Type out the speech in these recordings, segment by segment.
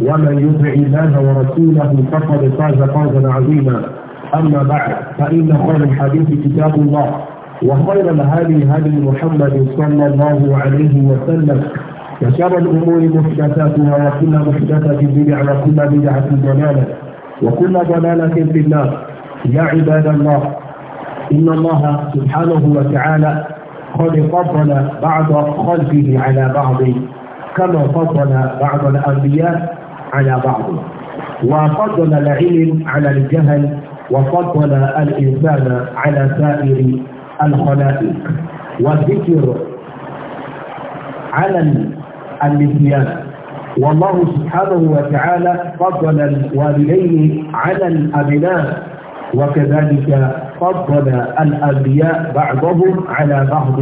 ومن يطع الله ورسوله فقد فاز فوزا عظيما أما بعد فإن خير الحديث كتاب الله وخير الهدي هدي محمد صلى الله عليه وسلم وشر الأمور محدثاتها وكل محدثة بدعة وكل بدعة ضلالة وكل ضلالة في النار يا عباد الله إن الله سبحانه وتعالى قد فضل بعض خلقه على بعض كما فضل بعض الأنبياء على بعض وفضل العلم على الجهل وفضل الإنسان على سائر الخلائق والذكر على النسيان والله سبحانه وتعالى فضل الوالدين على الأبناء وكذلك فضل الأنبياء بعضهم على بعض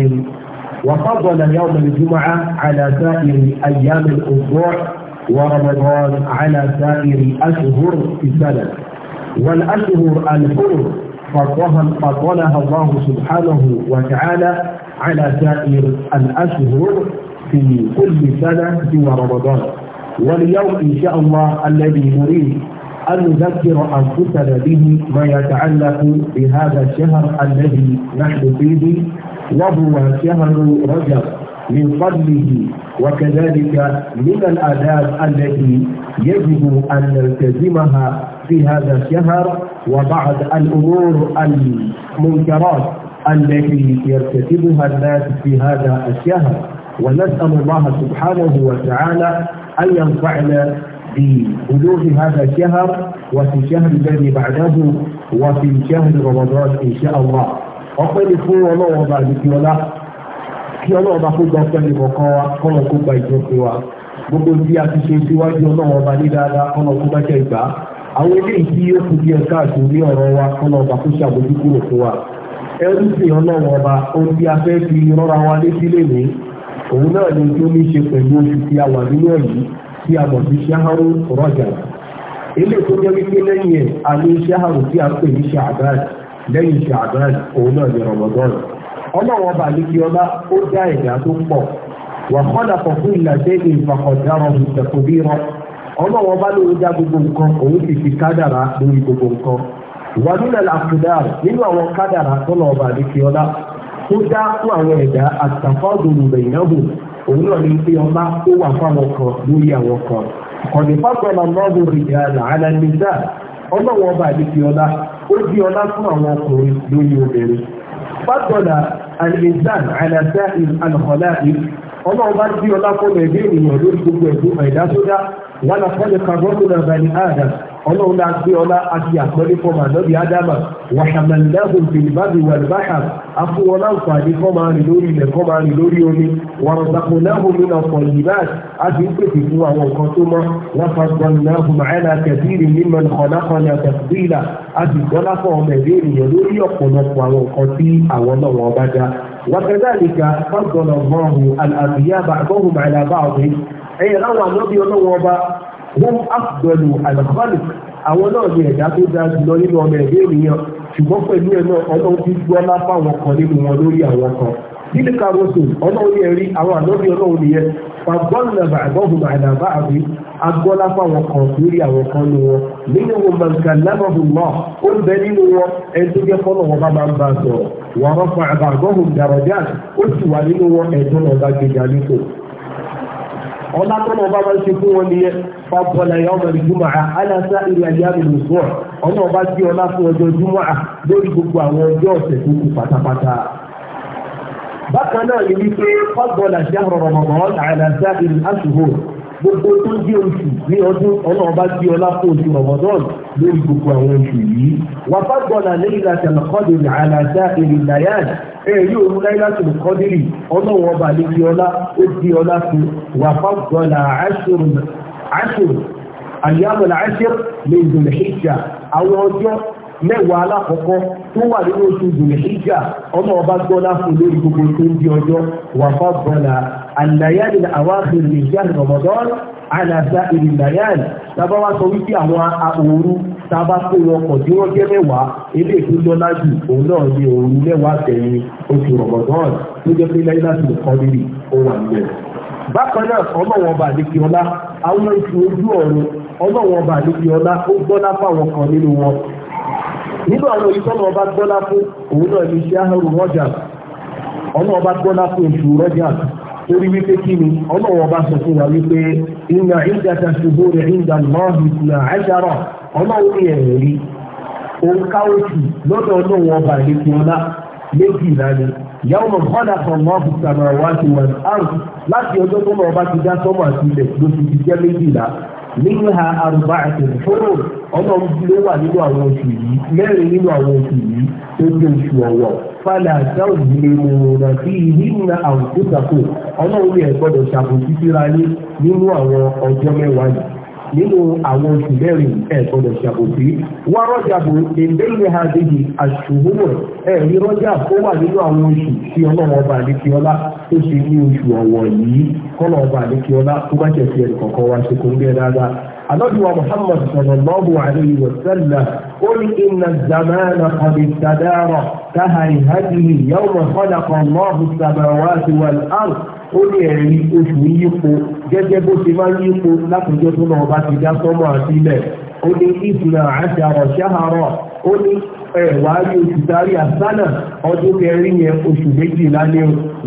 وفضل يوم الجمعة على سائر أيام الأسبوع ورمضان على سائر أشهر في السنة والأشهر الحر فضلها الله سبحانه وتعالى على سائر الأشهر في كل سنة سوى رمضان واليوم إن شاء الله الذي نريد أن نذكر أنفسنا به ما يتعلق بهذا الشهر الذي نحن فيه وهو شهر رجب من فضله وكذلك من الآداب التي يجب أن نلتزمها في هذا الشهر وبعض الأمور المنكرات التي يرتكبها الناس في هذا الشهر ونسأل الله سبحانه وتعالى أن ينفعنا ببلوغ هذا الشهر وفي الشهر الذي بعده وفي شهر رمضان إن شاء الله. أقول لكم والله ولا kí ọlọ́run bá kó gba pẹ́lú kọ̀ọ̀kan wa kọ́lọ̀ kó gba ìjọsìn wa gbogbo tí a ti ṣe síwájú ọlọ́run ọba ní dáadáa kọ́lọ̀ kó bá jẹ́ ìgbà àwọn eléyìí tí ó kù díẹ̀ káàtó ní ọ̀rọ̀ wa kọ́lọ̀ ọba kó ṣàbójú kúrò fún wa ẹrú sí ọlọ́run ọba ohun tí a fẹ́ fi rọ́ra wa létí lénìí òun náà ni tó ní ṣe pẹ̀lú oṣù tí a wà nínú ẹ̀yí tí a mọ̀ sí ṣáhárù rọ́jà ilé tó jẹ́ wípé lẹ́yìn ẹ̀ a ní ṣáhárù tí a pè ní ṣàbáàdì lẹ́yìn ṣàbáàdì òun náà ni rọ̀mọ̀dọ́nù ọlọ́wọ́ bá lékè ọlá ó dá ẹ̀dá tó pọ̀ wà kọ́dà pọ̀ fún ìlàjẹ́ ìfàkọ̀dára ìtẹ̀kùbí rọ ọlọ́wọ́ bá lóun dá gbogbo nǹkan òun sì fi kádàrá lórí gbogbo nǹkan wà nílẹ̀ làkúdà nínú àwọn kádàrá tọ́lọ́wọ́ bá lékè ọlá tó dá fún àwọn ẹ̀dá àtàfọ́dùnú bẹ̀yìnàbù òun náà ní pé ọlá tó wà fáwọn kan lórí àwọn kan fàtọ́lá al-insan àlàáfíà al-khalaiq ọlọ́run bá dí ọlá fọ́lọ̀ ẹgbẹ́ ènìyàn lórí gbogbo ẹ̀dá tó dá wà láfọ́lẹ̀ kàbọ́ọ̀lù náà bá ní ọlọ́run náà gbé ọlá àti àpẹẹrẹ fọmà lọ́bí ádámà wàhàmàlẹ́hùn fìlìbáàbì wàlúbáhà afúnwọn láǹfààní fọmà rìn lórí ilẹ̀ fọmà rìn lórí omi wàrọ̀dàpọ̀ náhùn nínú ọkọ̀ ìbáàd àti pèsè fún àwọn nǹkan tó mọ́ wọn fagbọn náhùn màáyà kẹfìrì nínú ọ̀nàkọ̀nà tẹ̀síìlà àti ìgbọ́láfọ̀ ọmọ ẹ̀dẹ́ ènìyàn lórí ọ̀pọ̀lọpọ̀ على بعض أي روى النبي الله wọ́n àpẹẹlú àlùfáàlùk àwọn náà ní ẹ̀dá tó dáa jùlọ nínú ọmọ ẹ̀dẹ́ ènìyàn ṣùgbọ́n pẹ̀lú ẹ̀ náà ọlọ́run ti gbọ́ lápá wọn kan nínú wọn lórí àwọn kan nílé karoso ọlọ́run yẹn rí àwọn àlọ́bí ọlọ́run nìyẹn fagbọ́nà bàbọ́hùn àdàbà àbí agbọ́lá fáwọn kan lórí àwọn kan ní wọn nínú wọn mọ̀nkà lábọ̀hùn náà ó ń bẹ nínú wọn ẹni tó jẹ́ fọ́nà wọn bá máa ń bá a sọ̀rọ̀ wọ́n rọ́pò àbàbọ́hùn dàrọ̀jà ó sì wà nínú wọn ẹ̀dọ́ náà bá gbé jalè tó. ọlá tó náà bá máa ń ṣe fún wọn nìyẹn فضل يوم الجمعة على سائر أيام الأسبوع ọlọ́run bá gbé ọlá fún ọjọ́ júmọ́à lórí gbogbo àwọn ọjọ́ ọ̀sẹ̀ tó kù pátápátá. bákan náà ni wípé fọ́gbọ́n gbogbo tó jẹ́ oṣù ní ọdún ọlọ́run bá gbé ọlá oṣù Ramadan lórí gbogbo àwọn oṣù yìí. wà fọ́gbọ́n àlẹ́ ìlàṣà lọ́kọ́dìrì àìlàṣà ìlú nàyàn èyí òun láìláṣà lọ́kọ́dìrì ọlọ́run ọba àlejò ọlá ó di ọlá fún wà fọ́gbọ́n àṣùrù àṣìr أيام العشر من dùnlẹ̀ الحجة àwọn ọjọ́ mẹ́wàá alákọ̀ọ́kọ́ tó wà nínú oṣù dùnlẹ̀ ìjà ọmọ ọba gbọ́lá fún lórí gbogbo tó ń di ọjọ́ wà fọ́bọ̀là àlàyé àwọn àfihàn ìjà rọmọdọ́n àlàsà ìrìnàyàn tábà wá sọ wípé àwọn òru tábà pé wọn kọ̀ tí wọ́n jẹ́ mẹ́wàá ilé ìlú lọ́lá jù òun náà ní òru mẹ́wàá tẹ̀yìn oṣù rọmọdọ́n tó jẹ́ pé láyé láti kọ́ níbi ó wà níbẹ̀. bákan náà ọlọ́wọ́ ọba àdékè ọlá àwọn ètò ojú ọ̀run ọlọ́wọ́ ọba àdékè ó gbọ́lá fáwọn kan nínú wọn nínú àwọn ọba gbọ́lá fún òun náà ní iṣẹ́ ahọ́rù rọ́jà ọ̀nà ọba gbọ́lá fún oṣù rọ́jà torí wípé kí ọba sọ fún wa wípé ìnà ṣubú rẹ̀ méjì ìlànà ìyàwó mọ̀ kọ́dà kan mọ́ fi sàmà wá sí wọn àrùn láti ọjọ́ tó mọ̀ ọba ti dá sọ́mọ̀ àti ilẹ̀ ló ti ti jẹ́ méjìlá nínú ha àrùbá àti ìfòrò ọmọ ìdílé wà nínú àwọn oṣù yìí mẹ́rin nínú àwọn oṣù yìí tó jẹ́ oṣù ọ̀wọ̀ fàlà àjáwò ìdílé mòrònà sí ìlú ìnà àwùjọ sàkó ọlọ́run ní ẹ̀ gbọ́dọ̀ ṣàbòsí síra ní nínú àwọn ọjọ́ mẹ́wàá yìí nínú àwọn oṣù mẹ́rin ẹ̀ẹ́dọ̀dọ̀ ṣàbòsí wá rọ́jà bò èdèlè ha dèjì àṣùwò ẹ̀rí rọ́jà ó wà nínú àwọn oṣù tí ọlọ́run ọba àdékíọ́lá tó ṣe ní oṣù ọ̀wọ̀ yìí kọ́lọ̀ ọba àdékíọ́lá tó bá jẹ̀ sí ẹnì kọ̀ọ̀kan wá ṣe kó ń gẹ́ dáadáa النبي محمد صلى الله عليه وسلم قل إن الزمان قد استدار كهيهته يوم خلق الله السماوات والأرض ó ní ẹ̀rí oṣù yípo gẹ́gẹ́ bó ṣe máa ń yípo látọjọ́ tó náà bá ti dá sọ́mọ́ àti ilẹ̀ ó ní ìfúnra àṣàrọ̀ ṣáhàrọ̀ ó ní ẹ̀wà rí oṣù darí àsánà ọdún kẹrin yẹn oṣù méjìlá ní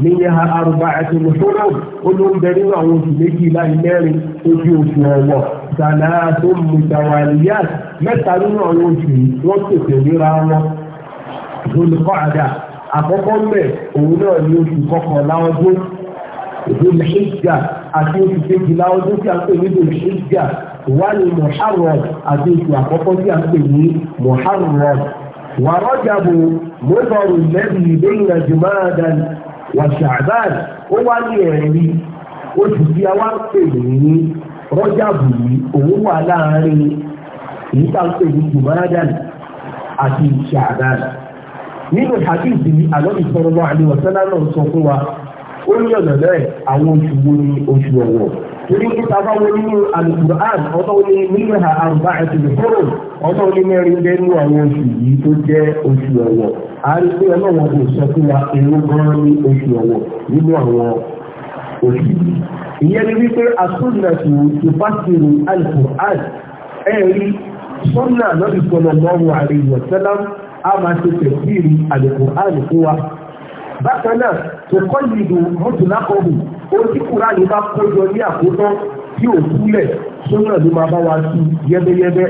níyà arúgbà àti nínú àwọn oṣù mẹ́rin ojú oṣù ọ̀wọ̀ tó mẹ́ta nínú àwọn oṣù wọn lólùkọ́ àdá àkọ́kọ́ òun náà ní oṣù ìdúró ṣíjà àti oṣù kejìlá ọdún tí a ń pè ní ìdúró ṣíjà wà ní muharram àti oṣù àkọ́kọ́ tí a ń pè ní muharram wà rọ́jàbù mọ́tọ́rù lẹ́bi ìbéyìnà jùmọ́dán wà ṣàbán ó wá ní ẹ̀rí oṣù tí a wá ń pè ní rọ́jàbù yìí òun wà láàárín èyí tá a ń pè ní jùmọ́dán àti ṣàbán nínú hadith yìí ìfọ̀rọ̀lọ́ àlè wọ̀sánná ó ń yànnà náà àwọn oṣù wo ni oṣù ọ̀wọ̀ torí pé tá a bá wọ nínú alukur'an ọ̀tọ̀ ní nílẹ̀ àrùbá àti ìfọ́rọ̀ ọ̀tọ̀ ní mẹ́rin bẹ́ẹ̀ nínú àwọn oṣù yìí tó jẹ́ oṣù ọ̀wọ̀ a rí pé ọlọ́wọ́n kò sọ fún wa èrò gan ní oṣù ọ̀wọ̀ nínú àwọn oṣù yìí ìyẹn ni wípé asúnnàtù ìfásirù alukur'an ẹ̀rí sọ́nà lọ́dún sọ́nà lọ́rùn àríwọ̀sẹ́lá a máa ṣe tẹ̀síìrì alukur'an fún wa bákan náà tó kọ́ ìlú mọ́tòlákọ̀ọ́bù ó ti kúrò àyè bá kójọ ní àkótán tí ò kúlẹ̀ sónà ló máa bá wa sí yẹ́bẹ́yẹ́bẹ́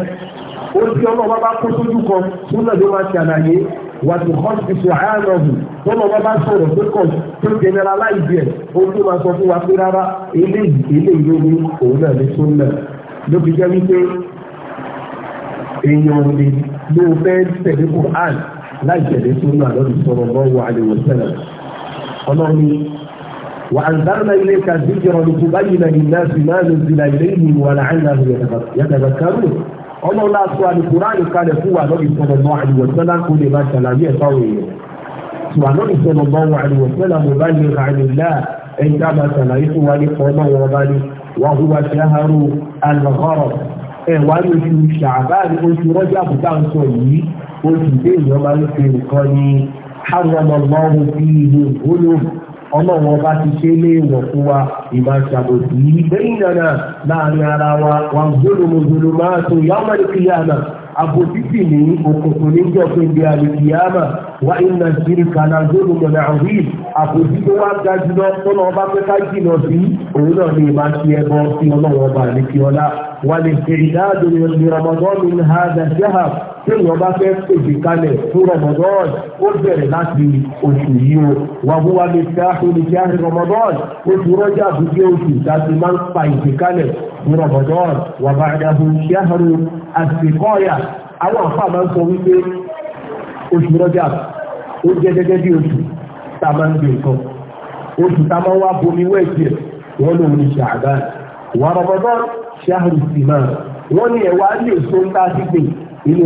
ó ti ọlọ́wọ́ bá kó sójú kan sónà ló máa ṣàlàyé wà tó hàn ti sọ àárọ̀bù tó lọ bá bá sọ̀rọ̀ tó kàn tó jẹnẹra láì bẹ̀ ó tó máa sọ fún wa pé rárá eléyìí eléyìí ló ní òun náà ní sónà ló fi jẹ́ wípé èèyàn ò lè ló fẹ́ tẹ̀lé kùrán láì tẹ̀lé sínú àlọ́lù sọ̀rọ̀ lọ́wọ́ àlèwòsẹ́lẹ̀ ọlọ́run wà á dáná ilé ka díjọrọ lóko báyìí náà iná sí máa ló ti la ilé ìlú wà láàyè náà yàtàkà kárù ọlọ́run náà sọ àlùkùránì kalẹ̀ fún wa lọ́lù sọ̀rọ̀ lọ́wọ́ àlèwòsẹ́lẹ̀ kó lè máa ṣàlàyé ẹ̀fọ́ èèyàn wà lọ́lù sọ̀rọ̀ lọ́wọ́ àlèwòsẹ́lẹ̀ mo bá yẹ àlèlá ẹ̀ńdá máa ṣàlàyé fún wa ní kọ́ ẹ̀wá ní oṣù ṣàbáàrí oṣù rọ́jà àbúkà ń sọ yìí oṣù tí èèyàn máa ń fi nǹkan ní hàrọ̀mọ̀mọ́rù bí ìlú ìgbóná ọmọ wọn bá ti ṣe lé wọ̀ fún wa ìmọ̀ ṣàbòsí lẹ́yìn náà láàrin ara wa wọn gbólómọgbóló máa tó yàmọ̀ ní kìyàmà àbòsí sì ní òkùnkùn níjọ́ pé bí alìkìyàmà wá iná ṣíríkà làzóòlù mọ̀nà àwìn àkòjì tó wá ga jùlọ tọ́nà ọba pé ká jìnà sí òun náà ní ìbá ti ẹbọ sí ọlọ́run ọba àlekí ọlá wà lè ṣe ìdáàdò ní rọmọdọ́ọ̀nù ní hàdà ṣáà téèyàn bá fẹ́ pèsè kalẹ̀ fún rọmọdọ́ọ̀n ó bẹ̀rẹ̀ láti oṣù yìí o wà fún wa lè ṣe àfẹnusẹ́ àti rọmọdọ́ọ̀n oṣù rọ́jà àbújá oṣù láti máa ń pa ìṣèkalẹ̀ fún rọmọdọ́ọ̀n wà bá àdàbò ṣáàrù àṣìkọ́yà àwọn àfáà máa ń sọ wípé oṣù rọ́jà ó jẹ́ gẹ́gẹ́ bí oṣù tá a máa ń gbé nǹkan oṣù tá a máa ń wá bomi wẹ́ẹ̀kì ẹ̀ wọ́n lòun ní ṣàgbá wà Ramadan ṣáàrù sì máa wọ́n ní ẹ̀wá ní oṣù ń tá a ti gbè inú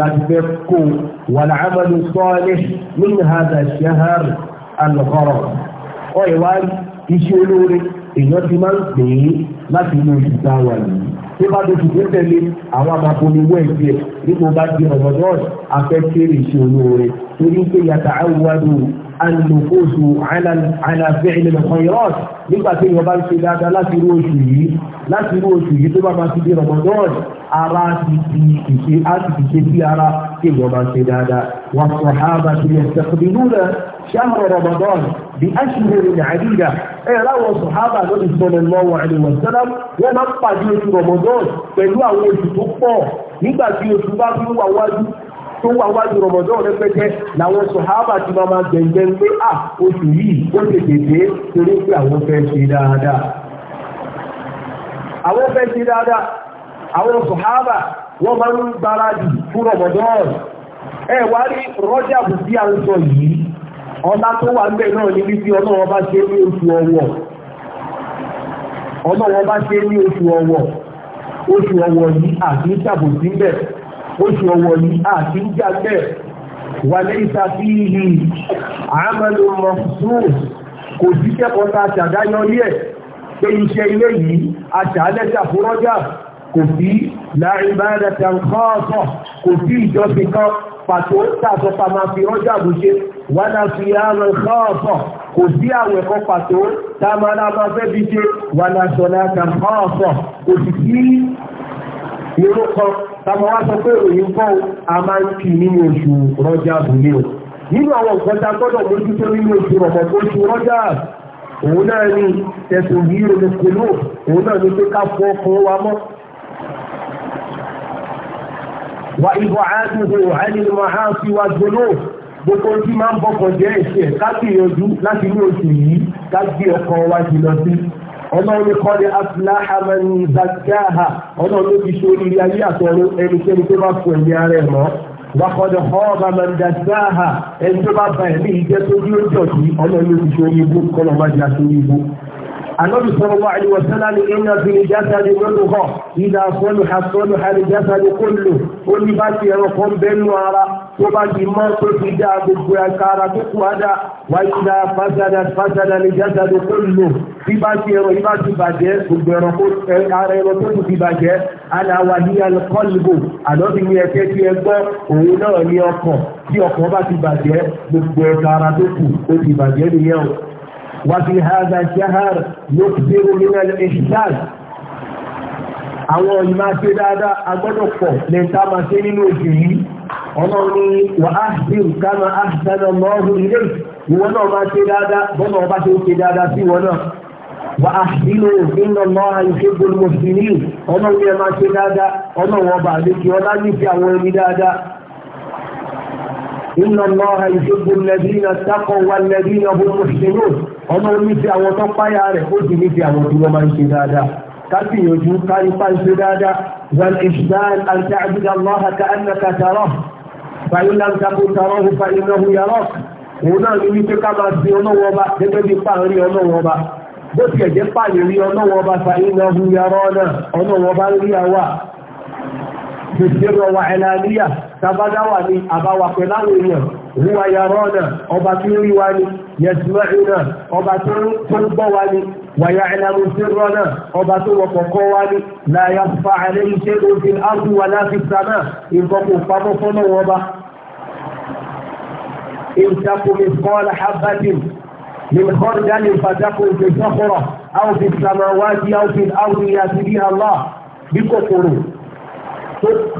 láti fẹ́ kó wàlàámàlú sọ́ọ́lẹ̀ nínú hàdà ṣáàrù alùpàrọ̀ ọ̀ ẹ̀wá iṣẹ́ olóore èèyàn ti máa ń pè é láti inú oṣù tá a tó bá dojú tó tẹ̀lé àwọn amabomi wẹ̀ẹ́dì ẹ̀ nígbà bá di Ramadan afẹ́kẹ́rì ṣe olóore torí pé yàtà àwùwádù alùpùpù àlàfẹ́ ìlẹ̀ kọ̀yọ́t nígbà tí wọ́n bá ń ṣe dáadáa láti irú oṣù yìí láti irú oṣù yìí tó bá máa ti di Ramadan ara ti ti ìṣe á ti ti ṣe sí ara tí wọ́n bá ń ṣe dáadáa wọ́n sọ شهر رمضان بأشهر عديدة إيه لا وصحابة النبي صلى الله عليه وسلم وما قدير رمضان pẹ̀lú àwọn oṣù tó pọ̀ nígbà tí oṣù bá fi wà wájú tó wà wájú rọmọdọ́ rẹpẹtẹ làwọn sọ̀hábà ti máa máa gbẹ̀ngbẹ̀ ń pé à oṣù yìí ó tètè dé torí pé àwọn fẹ́ ṣe dáadáa. àwọn fẹ́ ṣe dáadáa àwọn sọ̀hábà wọ́n máa ń gbáradì fún rọmọdọ́ ẹ̀ wá rí rọ́jà bù à ń sọ yìí ọlá tó wà ńbẹ̀ náà ní wípé ọlọ́wọ́ bá ṣe ní oṣù ọwọ́ ọlọ́wọ́ bá ṣe ní oṣù ọwọ́ oṣù ọwọ́ yìí àti ń ṣàbò sí bẹ̀ wà lẹ́yìn a fi hì àmàlò mọ̀ kò sí kẹ́kọ̀ọ́ tá a ṣàdáyọrí ẹ̀ pé iṣẹ́ ilé yìí a kò pàtó tààtọ́ pa máa fi rọ́jò àbúṣe wà náà fi àrùn kọ́ọ̀fọ̀ kò sí àwẹ̀ kan pàtó tá a máa máa fẹ́ bí ṣe wà náà sọ̀rọ̀ àkàn kọ́ọ̀fọ̀ kò sì sí irú kan tàbí wá sọ pé òyìn kọ́ a máa ń kì nínú oṣù rọ́jò àbúlé o nínú àwọn nǹkan tá a gbọ́dọ̀ mójútó nínú oṣù rọ̀mọ̀ tó oṣù rọ́jò òun náà ni tẹ̀sùn yìí ronú pẹ̀lú òun náà ni wà ibò àádúgbò àìlèmọ̀ ha fi wá gbólóò gbogbo tí máa ń bọ́kọ̀ jẹ́ ẹ̀ṣẹ̀ kágbìyànjú láti ní oṣù yìí kágbé ọkọ̀ wa jùlọ sí ọlọ́run kọ́ ni afúláhà máa ń zàgáhà ọlọ́run ló fi ṣe oríire ayé àtọ̀run ẹnikẹ́ni tó bá fún ẹ̀mí ara ẹ̀ mọ́ wakọ̀dọ̀ ọba máa ń dàgbáhà ẹni tó bá ba ẹ̀mí ìjẹ́ tó bí ó jọ̀dí ọlọ́run ló fi ṣe orí ibú kọ́lọ́ النبي صلى الله عليه وسلم إن في الجسد مضغة إذا صلح صلح الجسد كله ó ní bá ti ẹ̀rọ kan bẹ́nu ara tó bá ti mọ́ tó ti dá gbogbo ẹ̀ka ara tó kù ádá wáyídá fásádà fásádà lè jásádà tó lò bí bá ti ẹ̀rọ ibá ti bàjẹ́ gbogbo ẹ̀rọ ara ẹ̀rọ tó ti bàjẹ́ aláwa ní alkọ́lùbò àlọ́bí ní ẹ̀kẹ́ tí ẹ gbọ́ òun náà ní ọkàn tí ọkàn bá ti bàjẹ́ gbogbo ẹ̀ka ara tó kù ó ti bàjẹ́ nìyẹn o وفي هذا الشهر يكثر من الإحسان àwọn ìmá ṣe dáadáa agbọ́dọ̀ pọ̀ lè ta máa ṣe nínú òṣù yìí ọmọ ní wà á sí ìkánà àṣìṣẹ́nà lọ́rùn ilé ìwọ náà máa ṣe dáadáa bọ́nà ọba ṣe ń ṣe dáadáa sí ìwọ náà wà á sílò ìnà lọ́ha ìṣe gbogbo sí ní ọmọ ní ẹ máa ṣe dáadáa ọmọ wọn bá lè kí ọlá nífẹ̀ẹ́ àwọn ẹni dáadáa ìnà lọ́ha ìṣe gbogbo lẹ́bí náà tákọ̀ wà lẹ́bí náà bó ọmọ omi ti àwọn tó páyà rẹ̀ ó sì ní ti àwọn tó wọ́n máa ń ṣe dáadáa káfí ìyànjú kárí pa ń ṣe dáadáa zan ishdan an ta'budu allaha ka annaka tarah fa in lam takun tarahu fa innahu yarak òun náà ní wípé ká máa fi ọlọ́wọ́ ọba gẹ́gẹ́ bí páàrí ọlọ́wọ́ ọba bó ti ẹ̀jẹ̀ páàrí rí ọlọ́wọ́ ọba fa innahu yarana ọlọ́wọ́ ọba rí àwa fèsì rọwà ẹ̀làníyà tàbádáwà ní àbáwà pẹ̀láwọ̀ èèyàn huwa yarana ọba tí ó rí wa ni yasma'una ọba tó ń gbọ́ wa ni wa ya'lamu sirrana ọba tó wọ kọ̀kọ́ wa ni la yakhfa alayhi shay'un fil ardi wala fis sama nǹkan kò pamọ́ fọ́nà wọn bá. ìṣàkó mi kọ́ la habatin min khardal fatakun fi sakhra aw fi samawati aw fil ardi Allah bí kòkòrò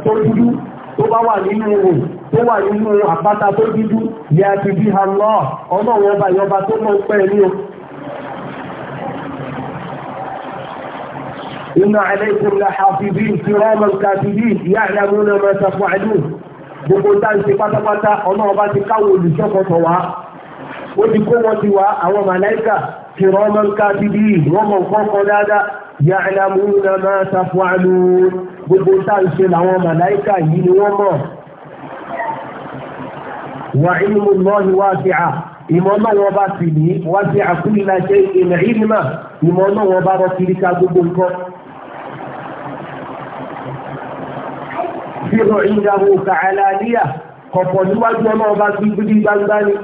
tó dúdú tó bá wà nínú òun tó wà nínú àpáta tó dúdú yẹ àti bí ha lọ ọ̀nà wọn bá yọba tó mọ̀ pẹ́ ní o. Inna alaykum la hafidin kiraman katibin ya'lamuna ma taf'alun. Gbogbo táǹsì pátápátá ọ̀nà ọba ti káwọn olùṣọ́kọ̀tọ̀ wá. Ó ti kó wọn ti wá àwọn màláìkà kiraman katibin wọ́n mọ̀ nǹkan kan dáadáa ya'lamuna ma taf'alun. Gbogbo táǹsì làwọn màláìkà yìí ni wọ́n mọ̀ wà ilmu Allahi wasi'a ìmọ̀ náà wọn bá sì ní wasi'a kulla shay'in ilma ìmọ̀ náà wọn bá rọ kiri ká gbogbo nǹkan. Fíhàn ìdáhùn ka'alaniya kọ̀pọ̀ níwájú ọmọ ọba gbígbí gbangba ni.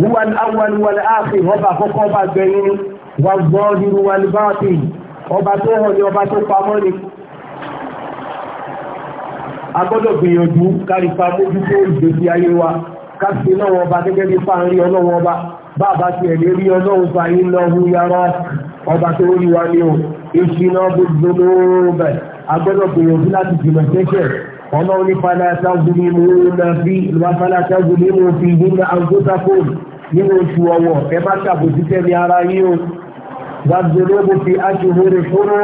Wúwa ni àwọn ni wọ́n áàfin ọba àkọ́kọ́ ọba gbẹ̀yìn ni. Wà gbọ́ ọdún tó hàn ní ọba tó pamọ́ ni a gbọ́dọ̀ gbìyànjú kárípa mójútó ìgbésí ayé wa káṣe lọ́wọ́ ọba gẹ́gẹ́ bí fáà ń rí ọlọ́wọ́ ọba bá a bá ti ẹ̀lẹ́ rí ọlọ́run fa iná hu yàrá ọba tó rí wa ní o ìṣìnà gbogbo bẹ̀ a gbọ́dọ̀ gbìyànjú láti jìnà sẹ́sẹ̀ ọlọ́run ní fàlàtà gbìmù náà fi fàlàtà gbìmù fi gbìmù àgbótáfóònù nínú oṣù ọwọ́ ẹ bá ṣàbòsí tẹ́lẹ̀ aṣòro rẹ̀ fóró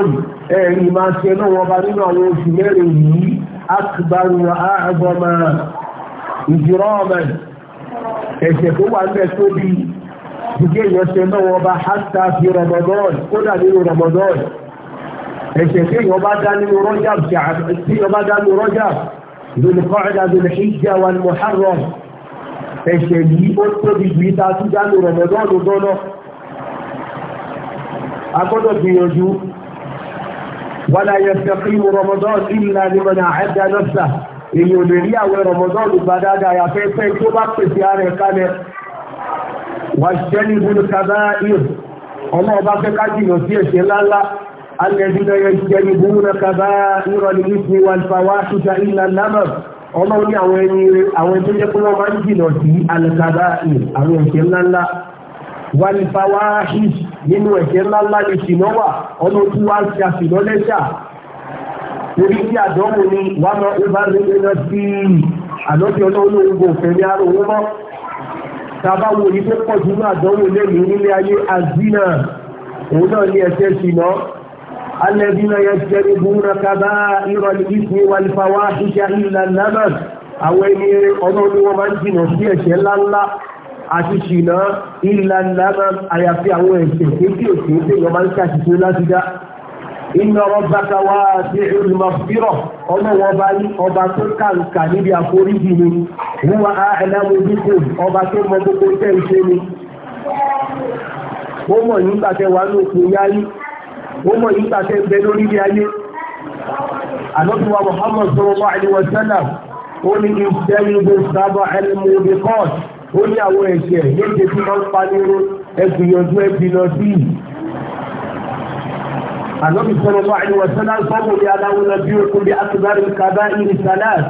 máa ṣe náà bá nínú àwọn oṣù mẹ́rin yìí akbar wa a'zama ìjìrọ́ọ̀mẹ̀ ẹ̀ṣẹ̀ tó wà ń bẹ̀ tóbi jíjẹ́ ìyọ́sẹ̀ náà wọ́n bá hátà fi ramadan kódà nínú ramadan ẹ̀ṣẹ̀ tí yọ bá dá nínú rọ́jà tí yọ bá dá nínú rọ́jà zulqa'da zulhijja wal muharram ẹ̀ṣẹ̀ yìí ó tóbi jù ìta tó dá nínú ramadan lọ́nà a gbìyànjú wala yastaqimu Ramadan illa liman ahada nafsa èyí ò lè rí àwọn Ramadan gbà dáadáa yàfẹ́ pẹ́ tó bá pèsè ara ẹ̀ kalẹ̀ wàṣẹ́ni bùnùkàbá ìr ọmọ ọba fẹ́ ká jìnà sí ẹ̀ṣẹ̀ ńláńlá alẹ́dúnà yẹ̀ṣẹ́ni bùnùkàbá ìrọ̀lì wípé wàlùfàwà ṣùgbà ìlà lámà ọmọ ní àwọn ẹni tó jẹ́ pé wọ́n máa ń jìnà sí alẹ́kàbá ìr àwọn ẹ̀ṣẹ̀ ńláńlá wàlìfàwáhì nínú ẹ̀jẹ̀ ńláńlá ní ṣìnà wà ọdún tí wàá ṣe àṣìnà lẹ́ṣà torí tí àdánwò ni wàá máa ń bá lé lọ sí àlọ́jọ́ náà olóhùn kò fẹ́ ní ara òun mọ́ tàbá wo yìí tó pọ̀ jù ní àdánwò lẹ́yìn nílé ayé azina òun náà ní ẹ̀ṣẹ̀ ṣìnà alẹ́bínà yẹn jẹ́rìí búra kábà ìrọ̀lì ìsìn wàlìfàwáhì ṣe àhìlà àwọn ẹni ọ̀nà olówó máa ń jìnà sí ẹ̀ṣẹ̀ àti ṣìnà ìlànà àyàfi àwọn ẹ̀sẹ̀ kéékèèké tí èèyàn máa ń ṣàṣìṣe láti dá iná rabbaka wá sí ìrìnàfírọ̀ ọmọ wọn bá ní ọba tó kàǹkà níbi àforíjì ni wúwa àìláwọ̀ dípò ọba tó mọ gbogbo tẹ́ ìṣe ni ó mọ̀ nígbà tẹ wà ní òkú ó mọ̀ nígbà tẹ bẹ lórí ilé ayé àlọ́tùwà Muhammad sallallahu alaihi wa sallam ó ní ìṣẹ́yìn gbogbo sábà ẹni mú bí kọ́ọ̀tù ó ní àwọn ẹ̀ṣẹ̀ méje tí wọ́n ń paniró ẹ̀sùn yọjú ẹbí lọ sí i. ànábì sọ̀rọ̀ bá àyẹ̀wò sọ́dá sọ́mù ní aláwọ̀ náà bí okùn bí akíbárì kàdá ìrì sàlát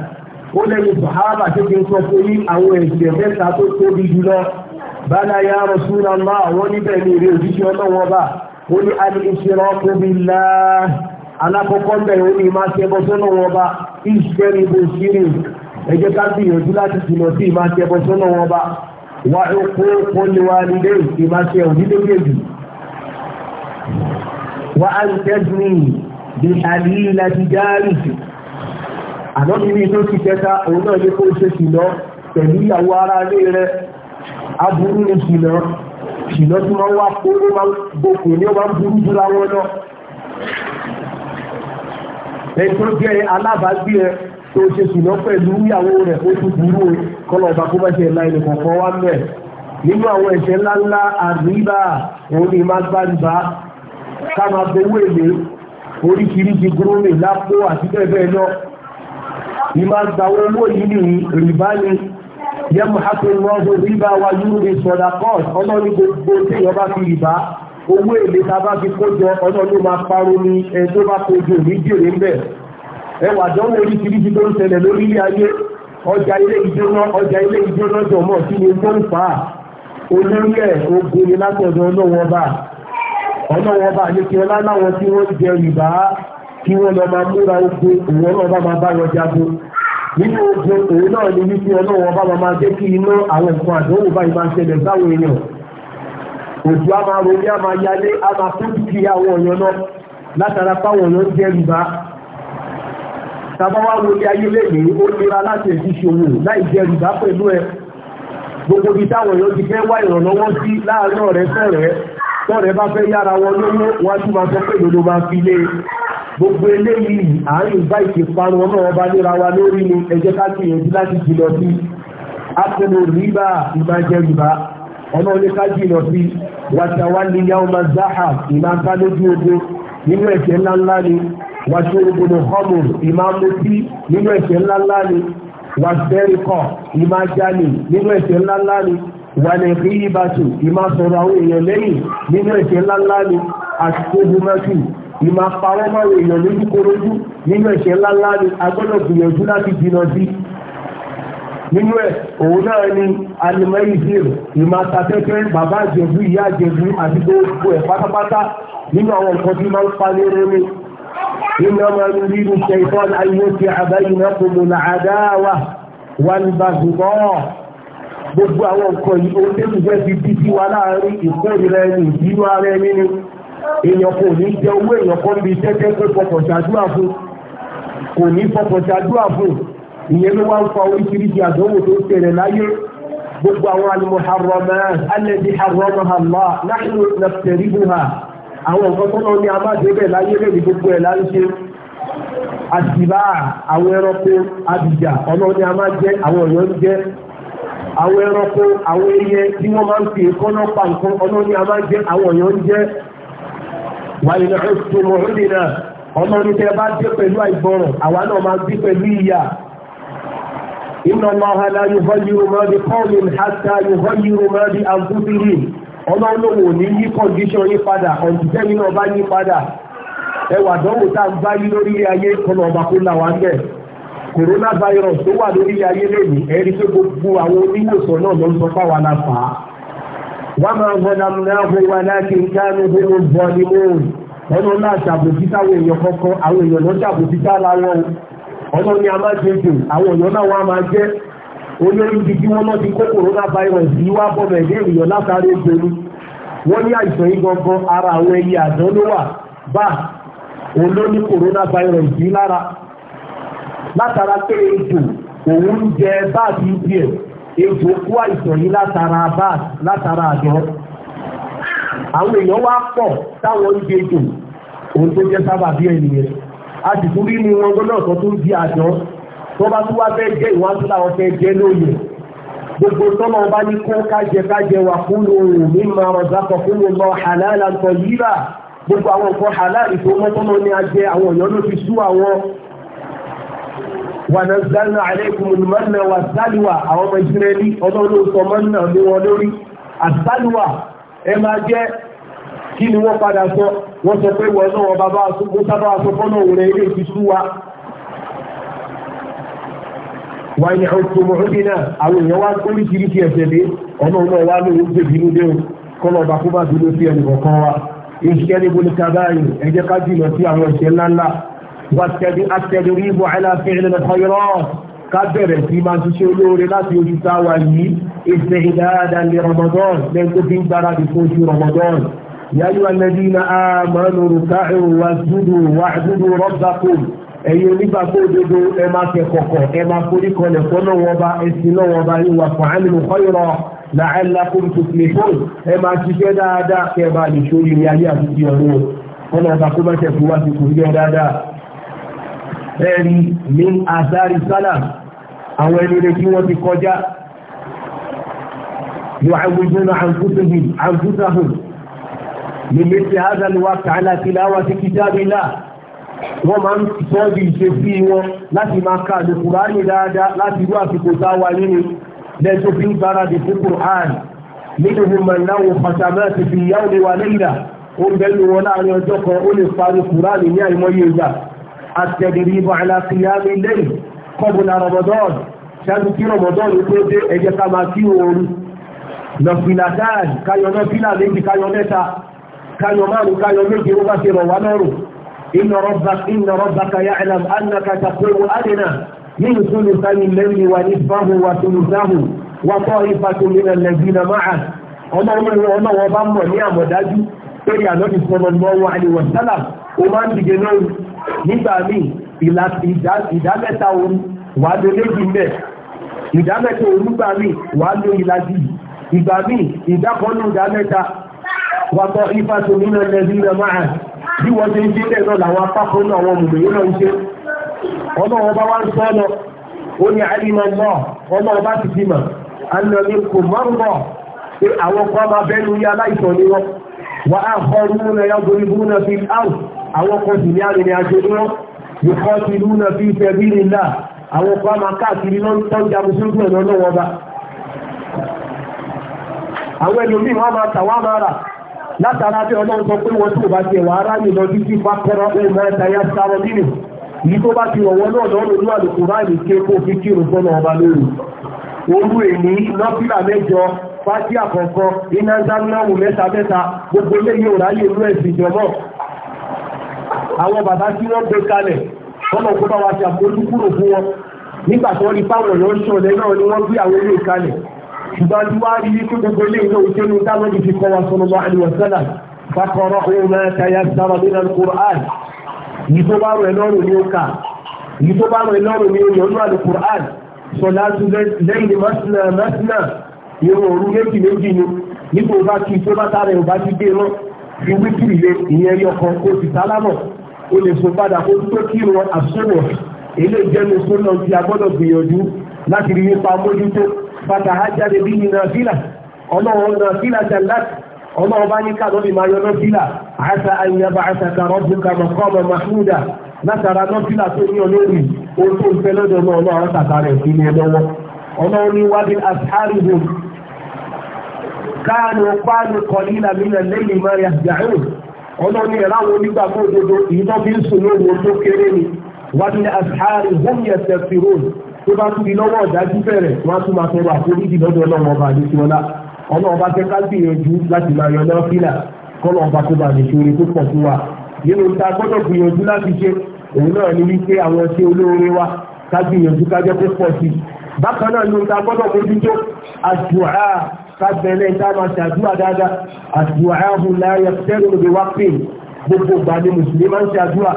ó lẹ́yìn sàhábà tó fi ń sọ pé ní àwọn ẹ̀ṣẹ̀ mẹ́ta tó tóbi jùlọ bala ya Rasulullah àwọn níbẹ̀ ní eré òjíṣẹ́ ọlọ́wọ́ bá ó ní alìṣirọ́ tóbi láà alákọ̀ọ́kọ́ bẹ̀rẹ̀ ó ní máa bọ́ sọ́nà wọn bá ìṣẹ́rìbò sírìn ẹ jẹ́ ká gbìyànjú láti jìnnà sí ìmáṣẹ́ ẹbọ sọ́nà wọn bá wá kó kó ní wa nílé ìmáṣẹ́ òní méjèèjì wá á ń tẹ́sí bí àlìyí láti jáàrì sí àmọ́ mi ní tó ti kẹta òun náà yẹ kó ṣe ṣìnà pẹ̀lú ìyàwó ara ilé rẹ̀ aburú ni ṣìnà ṣìnà tí wọ́n wá kó ló máa ń ní ó burú jùlọ wọn náà ẹ̀tọ́ jẹ́ alábàágbé ẹ̀ tó ṣe ṣùgbọ́n pẹ̀lú ìyàwó rẹ̀ ó ti burú kọ́lọ̀ ọba kó bá ṣe ẹ̀la ilẹ̀ kọ̀ọ̀kan wá mẹ́ nínú àwọn ẹ̀ṣẹ̀ ńláńlá àríbá òun ni máa gbàgbà ká máa gbowó èlé oríṣiríṣi gúrómì lápò àti bẹ́ẹ̀ bẹ́ẹ̀ lọ ìmá gbàwó owó yìí ní rìbá ni yẹ́mù hápẹ́lọ́gbọ̀ rìbá wa yúrù ní sọ̀dà kọ́ọ̀t ọlọ́ni gbogbo tí èèyàn bá fi rìbá owó èlé ta bá fi kójọ ọlọ́ni máa parọ́ ní ẹjọ́ bá kojú ní jèrè ń bẹ̀ ẹwà àdánwò oríṣiríṣi tó ń ṣẹlẹ̀ lórí ilé ayé ọjà ilé ìjóná ọjà ilé ìjóná jọmọ sí ni tó ń fà á olórí ẹ̀ ogun ni látọ̀dọ̀ ọlọ́wọ́ bá ọlọ́wọ́ bá ní kí ọlá láwọn tí wọ́n jẹ rìbá kí wọ́n lọ máa múra ogun òun ọlọ́wọ́ bá máa bá wọn jagun nínú ogun òun náà ni wípé ọlọ́wọ́ bá máa jẹ́ kí iná àwọn nǹkan àdánwò báyìí máa ṣẹlẹ̀ sáwọn èèyàn òjò a máa ronú a máa yálé a máa fún kí àwọn èèyàn náà látara fáwọn èèyàn jẹ rìbá tàbáwá wo ní ayé lẹ́yìn ó nira láti ẹ̀sí ṣòwò láì jẹ rìbá pẹ̀lú ẹ gbogbo ibi táwọn èèyàn ti fẹ́ wá ìrànlọ́wọ́ sí láàárín ọ̀rẹ́ fẹ́rẹ́ tọ́rẹ́ bá fẹ́ yára wọn lówó wá tún máa sọ pé ìdodo máa fi lé gbogbo eléyìí àárín ìgbà ìṣèparun ọmọ ọba léra wa lórí ni ẹ jẹ́ ká gbìyànjú láti jìnà sí akọlù rìbá ìbàjẹ rìbá ọmọ ní ká jìnà sí wàtàwá níyàwó máa záhà ìmáká lójú ogun nínú ẹ̀ṣẹ̀ ńláńlá ni wàṣẹ ògbónò homer ìmáàmùtí nínú ẹ̀ṣẹ̀ ńláńlá ni wàṣẹ́ríkọ̀ ìmájálè nínú ẹ̀ṣẹ̀ ńláńlá ni wàlẹ̀kí ìbátò ìmásọ̀rọ̀ àwọn èèyàn lẹ́yìn nínú ẹ̀ṣẹ̀ ńláńlá ni àti kóhùnmẹ́sì ìmá parọ́mọ́rọ̀ èèyàn lójúkorojú nínú ẹ̀ṣẹ̀ ńláńlá ni agbọ́dọ̀ gbìyànjú láti jìnà sí nínú ẹ̀ òun náà ni alimẹ́yìísìr ìmá tatẹ́tẹ́ bàbá àjẹ̀bú ìyá àjẹ̀bú àti gbogbo ẹ̀ pátápátá nínú àwọn nǹkan tí máa ń pa ní rẹ́mi إنما يريد الشيطان أن يوقع بينكم العداوة والبغضاء gbogbo àwọn nǹkan yìí ó lé ìjẹ́ ti bí wa láàrin ìkórìíra ẹni ìbínú ara ẹni ni èèyàn kò ní jẹ owó èèyàn kan bí tẹ́tẹ́ pé fọkàn ṣàdúrà fún kò ní fọkàn ṣàdúrà fún ìyẹn ló ń fa oríṣiríṣi àdánwò tó ń láyé gbogbo àwọn àwọn nǹkan tó lọ ní abájẹ́bẹ̀ láyé lẹ́ni gbogbo ẹ̀ láyé àṣìbá àwọn ẹranko abìjà ọlọ́run ni a máa jẹ́ àwọn ọ̀yọ́ ń jẹ́ àwọn ẹranko àwọn ẹyẹ tí wọ́n máa ń fi ìkọ́nà pa nǹkan ọlọ́run ni a máa jẹ́ àwọn ọ̀yọ́ ń jẹ́ wàyí ní ọ̀sùn mọ̀ọ́dì náà ọlọ́run tẹ́ bá dé pẹ̀lú àìgbọràn àwa náà máa gbé pẹ̀lú ìyà inna Allaha la yughayyiru ma bi qawmin ọmọ lóhun ò ní yí kọ́ndíṣọ́ yí padà ọ̀dùnkẹ́mi náà bá yí padà ẹwà dánwò tá ń bá yí lórí ilé ayé kọ́nà ọba kó là wá ń bẹ̀ coronavirus tó wà lórí ilé ayé lónìí ẹ̀rí pé gbogbo àwọn oníwòsàn náà ló ń sọ fáwa la fà á wọ́n máa ń gbọ́dọ̀ náà fún wa láti ń dánú fún un bọ́ ní mòun ọ̀nà náà ṣàbòsíta àwọn èèyàn kọ̀ọ̀kan àwọn èèyàn náà ṣàbòsíta láwọn ọ̀nà ni a máa ṣe jù àwọn olórí gidi wọn náà ti kó corona virus yìí wá bọ́ nàìjíríà látàrí ògbèrú wọ́n ní àìsàn yìí gangan ara àwọn ẹyẹ àdán ló wà bá olórí corona virus yìí lára látara pé ètò òun ń jẹ báàbí díẹ̀ ètò kú àìsàn yìí látara báà látara àdán àwọn èèyàn wá pọ̀ táwọn ń jẹ ètò òun tó jẹ́ sábàbí ẹ̀ nìyẹn a sì tún rí ní wọn gbọ́dọ̀ sọ tó ń di àdán tó bá tún wá fẹ́ jẹ́ ìwájú làwọn fẹ́ jẹ́ lóye gbogbo tọ́mọ bá ní kó kájẹ kájẹ wà fún ohun mímọ ọ̀zákọ̀ fún ọmọ halal àtọ̀ yíra gbogbo àwọn nǹkan halal ìfowópamọ́ ní ajẹ àwọn èèyàn ló fi sú àwọn wà náà zanna aleikum mọ́nà wà sálùwà àwọn ọmọ ìsirẹ́lì ọlọ́run sọ mọ́nà lé wọn lórí àsálùwà ẹ máa jẹ́ kí ni wọ́n padà sọ wọ́n sọ pé wọ́n náà wọ́n bàbá àsopọ̀ sábà àsopọ̀ náà wọlé ilé ìfisú wa wọ́n ní ọ̀tún mọ̀ọ́dé náà àwọn èèyàn wá oríṣiríṣi ẹ̀sẹ̀ dé ọ̀nà ọ̀nà wa ló ń gbé bínú dé o kọ́nà ọba kó bá dúró sí ẹnì kọ̀ọ̀kan wa iṣẹ́ ní olóore láti ojú táwa yìí ìṣẹ̀ ìdáadáa lè Ramadan lẹ́yìn tó fi ń gbáradì fún oṣù Ramadan yáyọ alẹ́ dín náà àmọ́ wà zúdù rọ́bà ẹ̀yin onígbàgbọ́ òdodo ẹ máa fẹ́ kọ̀kọ̀ ẹ máa forí kọlẹ̀ fọ́ náà wọ́n bá ẹsìn náà wọ́n bá yín wà fún àmì ìkọ́yọ̀rọ̀ la'allakum tuflihun ẹ máa ṣiṣẹ́ dáadáa kẹ́ ẹ bá lè ṣorí ní ayé àti ti ọ̀rọ̀ wọn náà takó bá ṣẹ̀kú wá sí kùrí dáadáa. ẹ̀rí ní azari salam àwọn ẹni rẹ̀ tí wọ́n ti kọjá yóò àwùjọ́nà àǹkútàhùn ní mẹ́sì hazal wa ta'ala tilawati kitabillah wọ́n máa ń tọ́jú ìṣe sí wọn láti máa ka àlùkùránì dáadáa láti rú àsìkò táwa nínú lẹ́tọ́ fi ń gbáradì fún Kùránì nínú ìmọ̀láwò pàtàkì fi ìyá òde wà lẹ́yìnà ó ń bẹ́nu wọn láàrin ọjọ́ kan ó lè parí Kùránì ní àìmọye ìgbà àtẹ̀dìrí ibà aláfíàmì lẹ́yìn kọ́bùnà Ramadan ṣáájú kí Ramadan tó dé ẹ̀jẹ̀ ká máa kí oorun lọ́fìlà dáàdì káyọ̀ náà fílà méjì káyọ̀ mẹ́ta káyọ̀ márùn-ún káyọ̀ méje ó bá ṣe rọ̀ wá lọ́rùn إن ربك إن ربك يعلم أنك تقوم أدنى من ثلثي الليل ونصفه وثلثه وطائفة من الذين معه ọmọ ọmọ ìwọ ọmọ wọn bá mọ̀ ní àmọ̀dájú pẹ̀lú ànọ́dì sallallahu alaihi wa sallam ó máa ń dìde lóru nígbà míì ìdámẹ́ta òru wàá lo méjì mẹ́ ìdámẹ́ta òru gbà míì wàá lo ìlàjì ìgbà míì ìdákọ́nù ìdámẹ́ta wàtọ̀ ìfàtòmínà lẹ́bí rẹ̀ máa bí wọ́n ṣe ń ṣe lẹ́ẹ̀ náà làwọn apákan náà wọn mùmí náà ń ṣe ọlọ́wọ́ bá wá ń sọ lọ ó ní ọlọ́wọ́ bá ti fi mọ̀ ànàmí kò mọ́ ń bọ̀ pé àwọn kan máa bẹ́nu yá láìsàn ni wọn wà á kọ́ lúnà yá gorí lúnà fi àwọn fi àwọn látara bí ọlọ́run sọ pé wọn tó bá ti ẹ̀wà ara yìí lọ títí bá kọ́rọ́ ohun ẹ̀ta ya sáré nínú yìí tó bá ti wọ̀wọ́ náà lọ́rùn ní àlùkò ráàlì ké kó fi kírun sọ́nà ọba lóru orú èní nọ́fílà mẹ́jọ fásí àkọ́kọ́ iná zánáwù mẹ́ta mẹ́ta gbogbo léyìí ò ráyè lú ẹ̀sìn jọmọ́ àwọn bàbá tí wọ́n gbé kalẹ̀ kọ́mọ̀ kó bá wa ṣàkóso kúrò fún wọn nígbà tó rí fáwọn èèyàn ṣọlẹ̀ náà ni wọ́n gbé àwọn ilé ṣùgbọ́n tí wàá rí wípé gbogbo ilé ìlú òṣèlú dámọ́dì fi kọ́ wa sọ́nà máa lùwẹ̀ sẹ́là fakọ̀rọ̀ òun máa tayà sára nínú alukur'an yìí tó bá rọ̀ ẹ́ lọ́rùn ní òkà yìí tó bá rọ̀ ẹ́ lọ́rùn ní òyìn ọdún alukur'an sọ̀lá tún lẹ́yìn mọ́sánà mọ́sánà irun òru méjì méjì ni nígbà ó bá kí tó bá tààrẹ ò bá ti dé mọ́ fi wíkìrì lé ìyẹn rí ọkàn kó ti sálámọ̀ ó lè so padà kó tó kí wọn àsọ̀rọ̀ eléjẹ́nu sọ́nà ti agbọ́dọ̀ gbìyànjú láti rí nípa mójútó bàtà ajáde bí i nà fílà ọlọ́run nà fílà jàndát ọlọ́run bá ní káàdọ́ bí máa yọ nà fílà àṣà àyìnbá àṣà kàrọ́ bí kàmọ̀ kọ́mọ̀ mahmuda látara nà fílà tó ní olórí ó tó ń fẹ́ lọ́dọ̀ náà ọlọ́run tàkà rẹ̀ sí ní ẹlọ́wọ́ ọlọ́run ní wábí àṣàrìbò káàdù páàlù kọ̀lílà mílẹ̀ lẹ́yìn mẹ́rin àjàrò ọlọ́run ìráwọn onígbàgbọ́ òdodo ìdọ́bí ń sùn lóru tó kéré ni wábí àṣàrìbò yẹ̀ tẹ̀síwòn tó bá tún di lọ́wọ́ ọ̀dájú bẹ̀rẹ̀ wọ́n á tún máa fẹ́ wà foríjì lọ́dọ̀ ọlọ́run ọba àdéṣọ́lá ọlọ́run ọba fẹ́ ká gbìyànjú láti máa yan náà fílà kọ́lọ́ ọba tó bá àdéṣọ́rẹ́ tó pọ̀ fún wa nínú ta gbọ́dọ̀ gbìyànjú láti ṣe òun náà ni wípé àwọn ṣe olóore wa ká gbìyànjú ká jẹ́ kó pọ̀ sí bákan náà nínú ta gbọ́dọ̀ mójútó àdùá ká bẹ̀rẹ̀ tá a máa ṣàdúrà dáadáa àdùá hùn láyà tẹ́lẹ̀ òde wá pè gbogbo ìgbà ni mùsùlùmí máa ń ṣàdúrà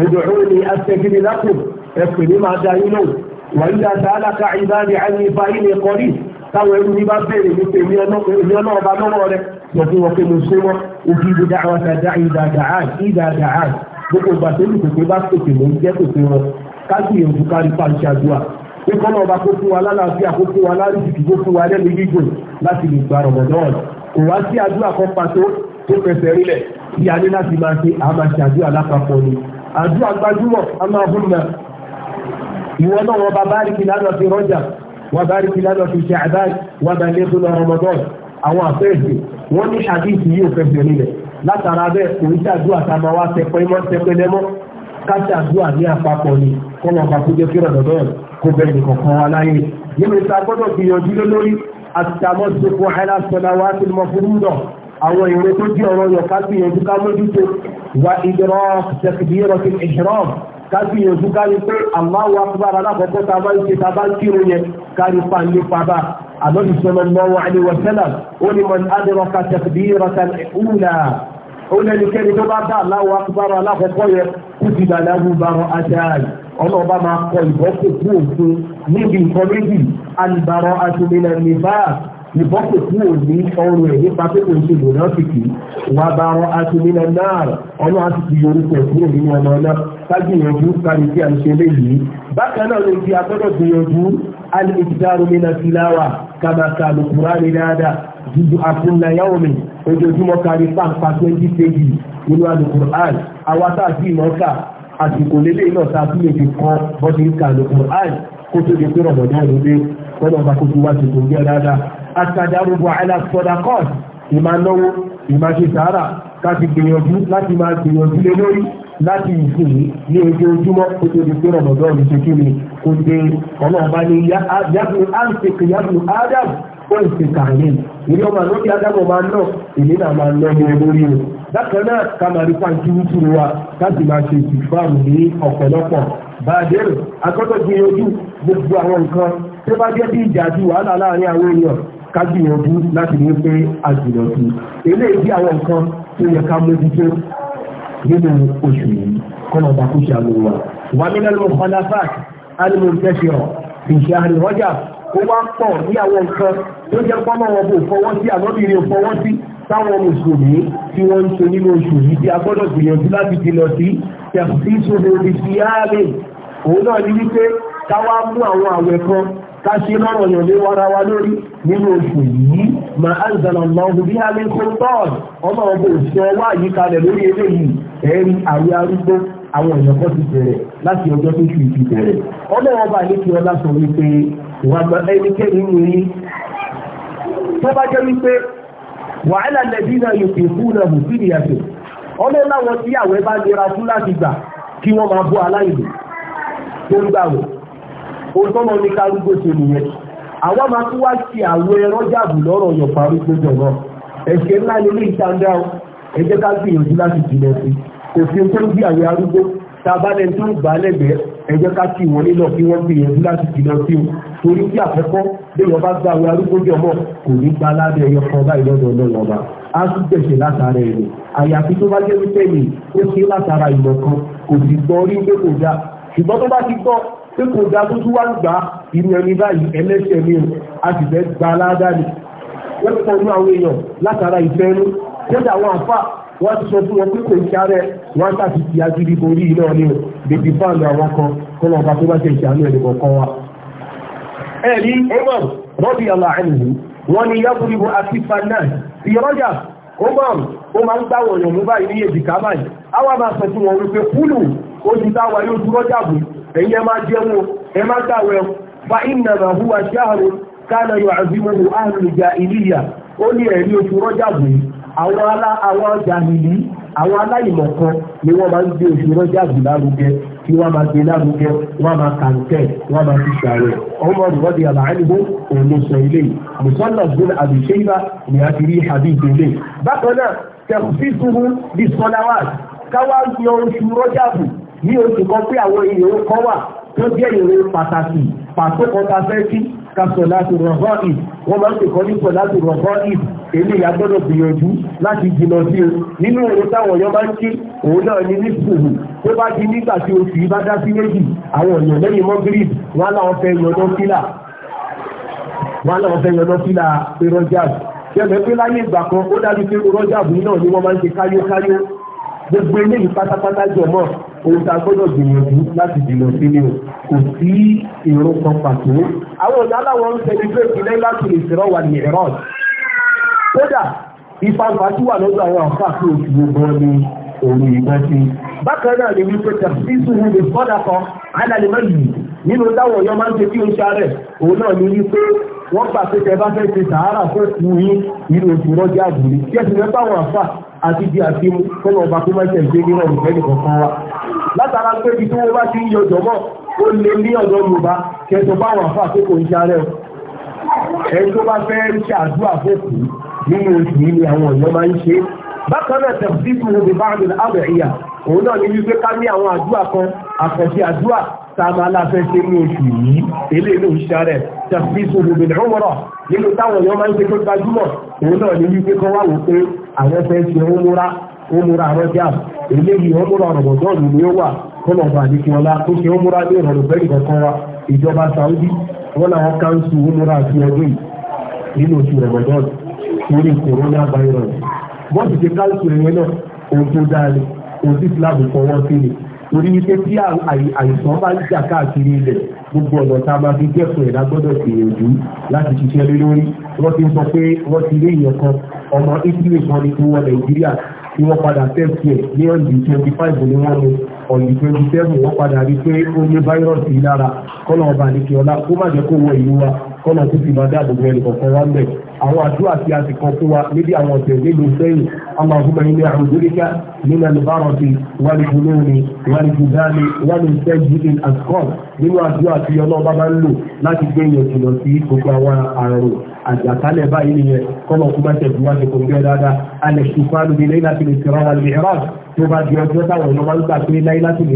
òdòdó ni àtẹ̀gídé lápò ẹ̀pẹ̀ ní máa da yín lóhùn wàyíjà sàálàkà ìbáni àyè ìfà ilẹ̀ kọrí táwọn ẹrú ní bá bẹ̀rẹ̀ nípa èmi ọ̀nà ọba lọ́wọ́ rẹ̀ sọ fún wọn pé mo sún wọn òkè ibi dáhùn àtàdá ìdàdàá ìdàdàá gbogbo ìgbà tó lù pèpè bá pèpè mò jẹ́ pèpè wọn káàkiri èyí ká pàṣẹ àdúrà ikọ́ náà bá kó fún wa lálàáfíà kó fún wa lárìsìkì kó fún wa lẹ́nu gígùn láti lè gba rọ̀mọ̀dọ́ọ̀nù ìwọ náà wọn bá báríkì lánàá fi rọ́jà wọn báríkì lánàá fi ṣe àbáyé wọn bá lẹ́kùn náà Ramadan àwọn àfẹ́ẹ̀sì wọ́n ní àdíìsì yóò fẹ́fẹ́ nílẹ̀ látara bẹ́ẹ̀ kò ń ṣàdúrà tá a máa wá tẹpẹ́ mọ́ tẹpẹ́ lẹ́mọ́ ká ṣàdúrà ní àpapọ̀ ni kọ́ wọn bá kújẹ́ kí rọ̀dọ̀ bẹ́ẹ̀ kó bẹ́ẹ̀ ní kọ̀ọ̀kan wa láyé nínú ìta gbọ́dọ̀ gbìyànjú lórí àtàmọ́ kágbìyànjú kárí pé Allahu akbar alákọ̀ọ́kọ́ ta bá ń ṣe ta bá ń kírò yẹn kárí pa ní pàbá àlọ́bì sallallahu alaihi wa sallam ó ní man adraka takbiratan ula ó lẹ́nikẹ́ni tó bá bá Allahu akbar alákọ̀ọ́kọ́ yẹn kú ti dà lábú bàrọ̀ àjáàlì ọlọ́ọ̀bá máa kọ ìbọ́kù kú òfin níbi nǹkan méjì alìbàrọ̀ àtúnilẹ̀ nìbá ìbọ́kù ọrùn ẹ̀ nípa pé kò ń ṣe lòdọ́sìkì wà bàrọ̀ àtúnilẹ̀ náà ọlọ́ọ̀ àti ti yorùkọ̀ kúrò nínú ọmọ náà kágbìyànjú kárí tí a ń ṣe léyìí bákan náà ló fi agbọ́dọ̀ gbìyànjú alìkìtàrù mi náà filawa kàmàkà lùkùrá mi dáadáa jùjú àfúnnáyàwó mi ojoojúmọ́ kárí pàǹpà twenty kg nínú alùkùrán àwa tá a sì mọ́ ká àsìkò lélẹ̀ náà tá a sì lè fi kọ́ bọ́dí ń ka alùkùrán kó tó di pé rọ̀mọ̀dá ló dé kọ́nà ọba kó tó wá sí gbòǹgẹ́ dáadáa àtàdárúbọ̀ àìlàsọ̀dàkọ́ọ̀sì ìmá náwó ìmá ṣe sàárà ká ti gbìyànjú láti máa gbìyànjú lé lórí láti ìsìn ní ojoojúmọ́ kó tó di pé ọ̀nàdọ́ mi ṣe kí ni kó dé ọ̀nà ọba ní yàgùn áńsìkì yàgùn ádàm ó ń ṣe kàlẹ́ ìrí ọmọ àlọ́bí ádámù máa ń nọ èmi náà máa ń lọ ní olórí o bákan náà ká máa rí pàǹtí wútúrú wa láti máa ṣe ìfàmù ní ọ̀pọ̀lọpọ̀ bàdéèrè akọ́tọ̀ gbìyànjú gbogbo àwọn nǹkan tó bá jẹ́ bí ìjà àti wàhálà láàárín àwọn èèyàn ká gbìyànjú láti ní pé àjùlọ̀ sí eléyìí àwọn nǹkan tó yẹ ká mójútó nínú oṣù yìí kọ́nà ọba kó ṣe àlòwò wa. wà nínú ẹlòmọ̀ kọlafat alimọ̀tẹ́sirọ̀ ìṣe àrùn rọ́jà ó wá pọ̀ ní àwọn nǹkan tó jẹ́ pọ́nmọ́ wọn kò fọwọ́ sí àlọ́bìnrin fọwọ́ sí táwọn mùsùlùmí tí wọ́n ń ṣe nínú oṣù yìí tí a gbọ́dọ̀ gbìyànjú láti jìnà sí tẹ̀síṣòro ìfìyàrè òun náà ní wípé káwá mú àwọn àwẹ̀ kan káṣí lọ́rọ̀ yàn lé wára wa lórí nínú oṣù yìí ma anzala Allahu biha min sultan ọmọ ọgbọ òṣìṣẹ́ wá yìí kalẹ̀ lórí eléyìí ẹ̀rí àwẹ̀ arúgbó àwọn èèyàn kan ti bẹ̀rẹ̀ láti ọjọ́ tó ṣù ti bẹ̀rẹ̀ ọmọ ọba àlékí ọlá sọ wípé wà á ẹnikẹ́ni ń rí tó bá jẹ́ wípé wàhálà lẹ́bí náà yóò fi fún náà ìyàtọ̀ ọmọ láwọn tí àwẹ̀ bá nira fún láti gbà kí wọ́n máa bọ́ aláìlú tó ń gbà wọ̀ òtọ́mọ ní kárúgbó ṣe nìyẹn àwa máa tún wá sí àwọn ẹran jáàbù lọ́rọ̀ yọ̀pá arúgbó jọ̀ náà ẹ̀ṣẹ̀ ńlá ni ilé ìtàndá ẹ jẹ́ ká gbìyànjú láti jìnà sí kò fi ń tó ń bí àwọn arúgbó tá a bá lẹ́ni tó ń gbà á lẹ́gbẹ̀ẹ́ ẹ jẹ́ ká kí wọn nílọ kí wọ́n gbìyànjú láti jìnà sí o torí bí àkọ́kọ́ bí wọ́n gba àwọn arúgbó jọ mọ́ kò ní gba aláàbẹ̀ ẹyọ kan báyìí lọ́dọ̀ ọlọ́run ọba á tún gbẹ̀ṣẹ̀ látara ẹ̀rọ àyàfi tó bá jẹ́ wípé mi ó ṣe látara ìmọ̀ kan kò sì gbọ́ orí pé kò dáa ṣùgbọ́n tó bá ti gbọ́ pé kò dá tó tún wá gbà o a sì fẹ́ gba wọ́n àwọn èèyàn látara ìfẹ́ kódà àwọn wọ́n ti sọ fún wọn pé kò sáré wọ́n á ti agídí borí náà ni o bèbí fáànù àwọn kan kó lọ́ba tó bá kan rọ́bì aláàánú wọn ni yábùrìbù àti fanáà rọ́jà ó máa ń mú báyìí ní sọ fún wọn wípé kúlù ẹ̀yin ẹ máa jẹun ẹ máa gbàwẹ̀ fa ìnàbà huwa ṣáàrù kánà yóò àzímọ̀lù àrùnìjà ìlíyà ó ní ẹ̀rí oṣù rọ́jàbù àwọn alá àwọn jàmìlì àwọn aláìmọ̀kan ni wọ́n máa ń gbé oṣù rọ́jàbù lárugẹ kí wọ́n máa gbé lárugẹ wọ́n máa kàǹtẹ̀ wọ́n máa fi ṣàrẹ̀ ọmọ rọ̀dì àbáyébó òun ló sọ ilé mùsọ́nà gbọ́n àbíṣẹ́yìnbá ní oṣù kan pé àwọn ìyẹ̀wò kan wà tó jẹ́ ìròyìn pàtàkì pàtó kan ta fẹ́ kí kàṣọ láti rọ̀gọ́ ì wọ́n máa ń pè kọ́ nípò láti rọ̀gọ́ ì èmi ìyá gbọ́dọ̀ gbìyànjú láti jìnà sí o nínú òun táwọn èèyàn máa ń kí òun náà ní ní sùúrù tó bá di nígbà tí oṣù yìí bá dá sí méjì àwọn èèyàn lẹ́yìn mọ́gírìb wọn láwọn fẹ́ yọdọ́ fílà wọn láwọn fẹ́ yọdọ́ fílà pé rọ́jà jẹ́mẹ̀ pé láyé ìgbà kan ó dájú pé rọ́jà gbogbo eléyìí pátápátá jọ mọ́ ohun tá a gbọ́dọ̀ gbìyànjú láti dìlọ sí ni o kò sí èrò kan pàtó. àwọn ọ̀dà aláwọ̀ ń sẹ́lẹ̀bírẹ̀tì lẹ́yìn láti lè sẹ̀rọ̀ wà ní ẹ̀rọ. kódà ìfàǹfà tí wà lọ́dọ̀ àwọn àǹfà tí o ti wo gan ni òru ìbọn sí. bákan náà ni wípé tẹ̀síṣù wo lè fọ́dà kan alálẹ́ mọ́ yìí nínú táwọn ọ̀yọ́ máa ń ṣe bí o ṣàrẹ̀ òun náà ni wípé wọ́n gbà pé tẹ bá fẹ́ ṣe sàárà fún ìwé inú oṣù rọ́jà àbúrí kí ẹ àti di àfihàn fún ọba tó máa tẹ̀lé ní ọ̀rùn fẹ́ nìkan kan wa látara pé ibi tí wọ́n bá ti ń yọ jọ̀mọ́ ó lè ní ọ̀dọ́ yorùbá kẹtọ bá wà fún àkókò iṣẹ́ rẹ̀ ẹni tó bá fẹ́ ṣe àdúrà fòkù nínú oṣù yìí ni àwọn èèyàn máa ń ṣe bákan náà tẹ̀sí fún omi bá àmì àbẹ̀ ìyà òun náà ní wípé ká ní àwọn àdúrà kan àkànṣe àdúrà tá a máa láfẹ́ ṣe ní oṣù yìí eléèlú iṣẹ́ rẹ̀ tẹ̀sí fún omi ìrànwọ́rọ̀ nínú táwọn èèyàn máa ń ṣe tó gbajúmọ̀ òun náà ní wípé kọ́ wá wò pé àwọn fẹ́ ṣe òmúra òmúra àwọn jà eléyìí òmúra rọ̀mọ̀dọ́ọ̀nù ni ó wà kọ́lọ̀bà àdìkúnlá tó ṣe òmúra ní ìrọ̀rùn bẹ́ẹ̀ kankan wa ìjọba Saudi wọ́n làwọn káńsù òmúra àti ọdún nínú oṣù bọ́ọ̀sì ti káńsù náà torí wípé tí àìsàn bá ń jà káàkiri ilẹ̀ gbogbo ọ̀nà tá a máa fi dẹ́kun ẹ̀dá gbọ́dọ̀ gbìyànjú láti ṣiṣẹ́ lé lórí wọ́n ti sọ pé wọ́n ti lé ìyẹn kan ọmọ italy kan ní fún wọn nàìjíríà tí wọ́n padà tẹ́sí ẹ̀ ní ọ̀dì 25 ní wọ́n ní ọ̀dì 27 wọ́n padà rí pé ó ní fáírọ́ọ̀sì lára kọ́nà ọba àdìkì ọlá kó má jẹ́ kó wọ ìlú wa kọ́nà tó fi máa dáàbò bo ẹnìkọ̀ọ̀kan wá mẹ́ àwọn àdúrà tí a ti kọ fún wa níbi àwọn ọ̀sẹ̀ nílùú sẹ́yìn Allahumma inni a'udhuka min al-barasi wal jununi wal judali wa min sayyi'il asqal nínú àdúrà tí ọlọ́ọ̀bá bá ń lò láti gbé èèyàn jùlọ sí gbogbo àwọn àrùn àjàkálẹ̀ báyìí nìyẹn kọ́nà kú mẹ́tẹ̀ bí wọ́n ti kò ń gbé dáadáa alẹ́ ṣùfàánù bíi Laylatul Isra wal Mi'raj tó bá di ọjọ́ táwọn ọmọ máa ń gbà pé Laylatul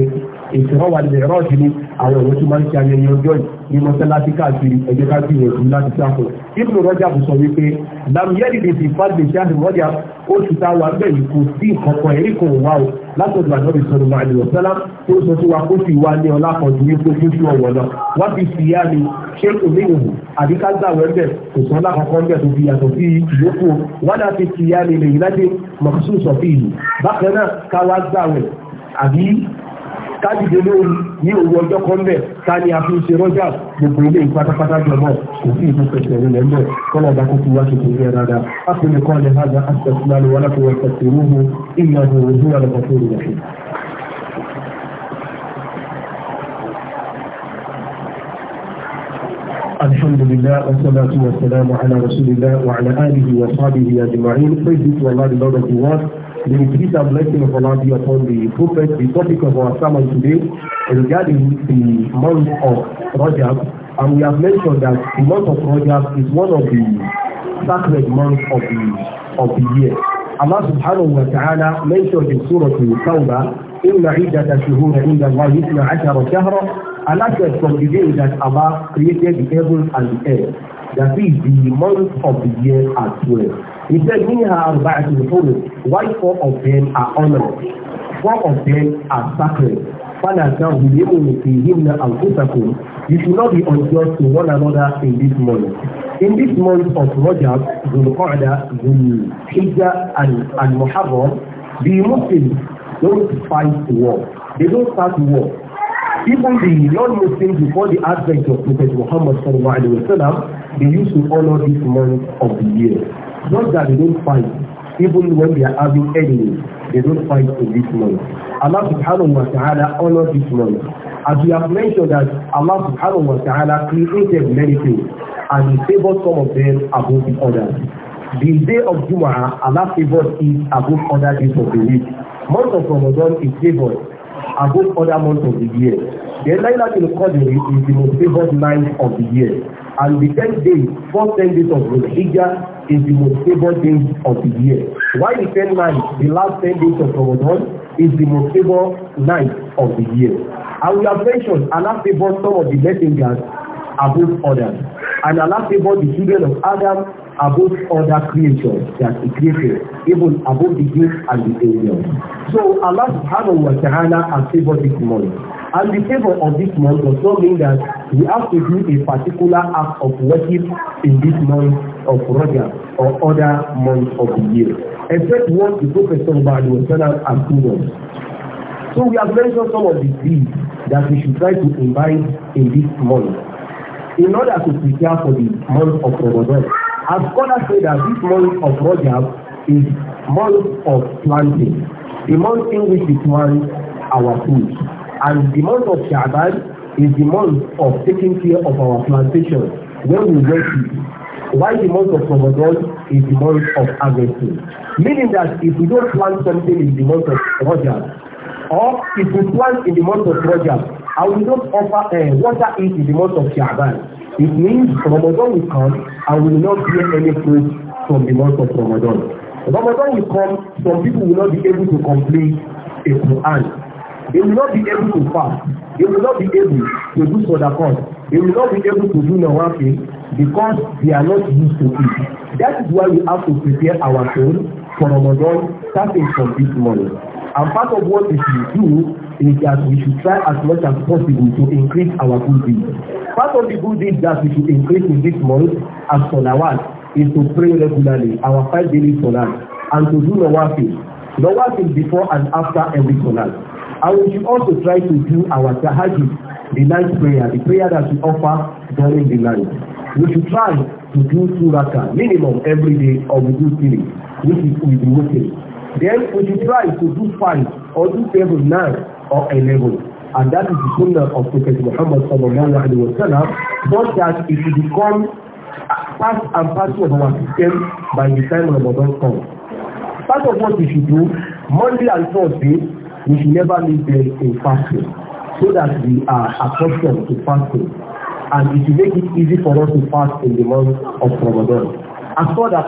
Isra wal Mi'raj ni àwọn ọmọ tó máa ń ṣe ayẹyẹ ọjọ́ yìí ní mọ́sálásí káàkiri ẹ̀jẹ̀ káàkiri ẹ̀dùn láti sáfọ̀ látọ̀dọ̀ ànábì sọ̀rọ̀ máa lè wọ̀sálá tó sọ sí wa kó sì wá ní ọlá kan ju wípé tó sí ọ̀wọ̀ lọ wá fi sì yá ni ṣé kò ní ìhù àbí ká gbà wẹ́ńbẹ̀ kò sọ ńlá kankan bẹ̀ tó fi yàtọ̀ sí ìyókù wádà fi sì yá ni lè yín láti mọ̀kúsù sọ fi ìlú bákan náà ká wá gbà wẹ̀ àbí kájìdé lórí ní òwú ọjọ́ kan bẹ̀ ká ní a fi ń ṣe rọ́jà gbogbo ilé ìpátápátá jọmọ́ kò sí ìlú pẹ̀sẹ̀ rẹ̀ lẹ́mọ̀ kọ́lá ọba kókó wá ṣètò ìrẹ́ rárá a fi lè kọ́ lè ha gba asẹ̀sílálò wọn láti wọ́n pẹ̀sẹ̀ rúhu ìyá ọdún ojú wà lọ́kọ̀ tó rẹ̀ ṣe. الحمد لله والصلاة والسلام على رسول الله وعلى آله وصحبه أجمعين. Praise be to Allah, the Lord of the world. The peace and blessing of Allah be upon the Prophet. The topic of our sermon today regarding the month of Rajab. And we have mentioned that the month of Rajab is one of the sacred months of the, of the year. Allah subhanahu wa ta'ala mentioned in Surah Al-Tawbah إن عدة شهور عند الله اثنا عشر شهرا Allah said from the day that Allah created the heavens and the earth that is the month of the year as well. He said, "We have Minha the hurum, why four of them are honored? Four of them are sacred. now, Fala him and anfusakum. You should not be unjust to one another in this month. In this month of Rajab, Dhul-Qa'dah, Dhul-Hijjah, and, and Muharram, the Muslims don't fight war. They don't start war. Even the non-Muslims before the advent of Prophet Muhammad sallallahu alaihi wasallam, they used to honor this month of the year. Not that they don't fight, even when they are having enemies, they don't fight in this month. Allah subhanahu wa ta'ala honor this month. As we have mentioned that Allah subhanahu wa ta'ala created many things and he favored some of them above the others. The day of Jumu'ah, Allah favored it above other days of the week. Month of Ramadan is favored above other months of the year. Then Laylatul Qadr is the most favored night of the year. And the ten days, first ten days of the Hijjah is the most favored days of the year. While the ten nights, the last ten days of Ramadan is the most favored night of the year. And we have mentioned Allah favored some of the messengers above others. And Allah favored the children of Adam above other creatures that he created, even above the gifts and the angels. So Allah subhanahu wa ta'ala has favored this month. And the favor of this month does not mean that we have to do a particular act of worship in this month of Rajab or other months of the year, except what the Prophet sallallahu alaihi wasallam has given us. So we have mentioned some of the things that we should try to invite in this month in order to prepare for the month of Ramadan. As scholars say that this month of Rajab is month of planting, the month in which we plant our food. And the month of Sha'ban is the month of taking care of our plantation when we wet it. While the month of Ramadan is the month of harvesting. Meaning that if we don't plant something in the month of Rajab, or if we plant in the month of Rajab and we don't offer uh, water it in the month of Sha'ban, It means Ramadan will come and we will not hear any fruit from the month of Ramadan. Ramadan will come, some people will not be able to complete a Quran. They will not be able to fast. They will not be able to do sadaqah. They will not be able to do nawafi because they are not used to it. That is why we have to prepare our soul for Ramadan starting from this morning. And part of what we should do is that we should try as much as possible to increase our good deeds. Part of the good deeds that we should increase in this month as salawat is to pray regularly, our five daily salat, and to do nawafil. Nawafil before and after every salat. And we should also try to do our tahajjud, the night prayer, the prayer that we offer during the night. We should try to do surah minimum every day of the good three, which is we be Then we should try to do five or do seven, nine or eleven. And that is the sunnah of Prophet Muhammad sallallahu alaihi wasallam, such that it will become part and parcel of our system by the time Ramadan comes. Part of what we should do, Monday and Thursday, we should never leave them in fasting, so that we are accustomed to fasting. And it will make it easy for us to fast in the month of Ramadan. As for that,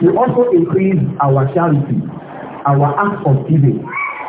we also increase our charity our act of giving.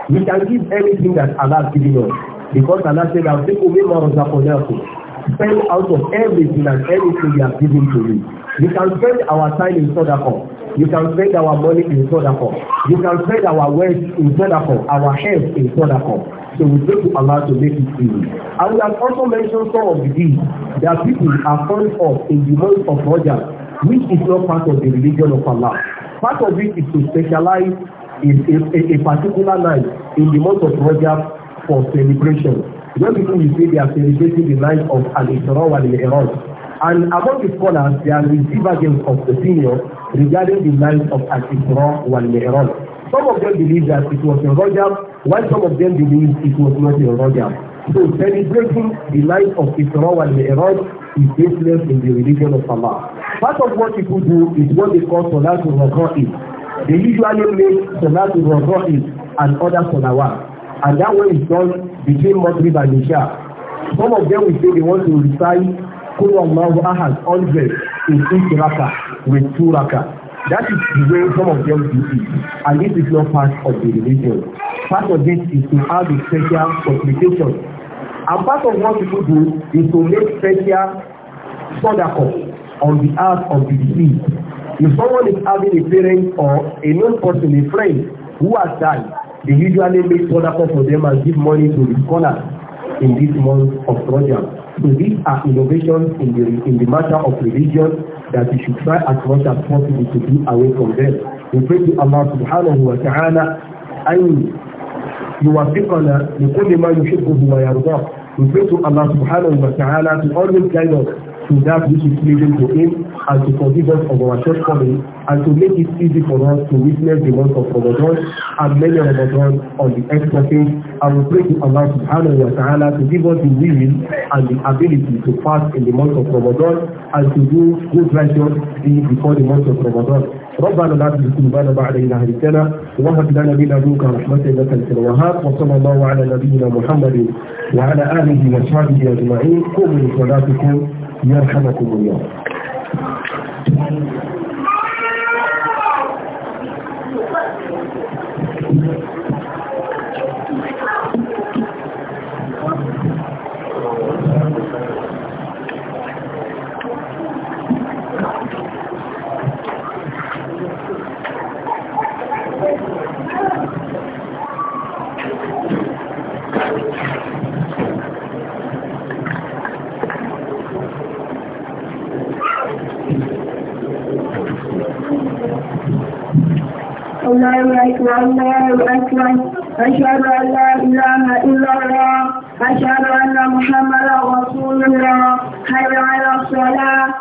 We can give anything that Allah has given us. Because Allah said, I'll take away more of that for Spend out of everything and anything you have given to me. We can spend our time in Sodaqah. You can spend our money in Sodaqah. You can spend our wealth in Sodaqah, our health in Sodaqah. So we pray to Allah to make it easy. And we have also mentioned some of the deeds that people are fond off in the month of Rajab, which is not part of the religion of Allah. Part of it is to specialize a, a, a, particular night in the month of Rajab for celebration. When people will say they are celebrating the night of Al-Isra wal Mi'raj. And about the scholars, there are divergence of opinion regarding the night of Al-Isra wal Mi'raj. Some of them believe that it was in Rajab, while some of them believe it was not in Rajab. So celebrating the night of Isra wal Mi'raj is baseless in the religion of Allah. Part of what people do is what they call Salatul Raka'im. They usually make Salatul Rafa'i and other Salawat. And that way is done between Maghrib and Isha. Some of them will say they want to recite Kul Allahu Ahad 100 in each raka with two raka. That is the way some of them do it. And this is not part of the religion. Part of it is to have a special supplication. And part of what people do is to make special sodako on behalf of the deceased. If someone is having a parent or a known person, a friend who has died, they usually make sadaqa for them and give money to the scholars in this month of Rajab. So these are innovations in the in the matter of religion that we should try as much as possible to be away from them. We pray to Allah subhanahu wa ta'ala أن يوفقنا لكل ما يحبه ويرضاه. We pray to Allah subhanahu wa ta'ala to always guide us to that which is pleasing to Him and to forgive us of our shortcomings and to make it easy for us to witness the month of Ramadan and many Ramadan on the extra page. I will pray to Allah subhanahu wa ta'ala to give us the will and the ability to fast in the month of Ramadan and to do good righteous deeds before the month of Ramadan. ربنا لا تزغ قلوبنا بعد إذ هديتنا وهب لنا من لدنك رحمة إنك أنت الوهاب وصلى الله على نبينا محمد وعلى آله وصحبه أجمعين قوموا بصلاتكم yarhamukumullah أشهد أن لا إله إلا الله أشهد أن محمدا رسول الله حي على الصلاة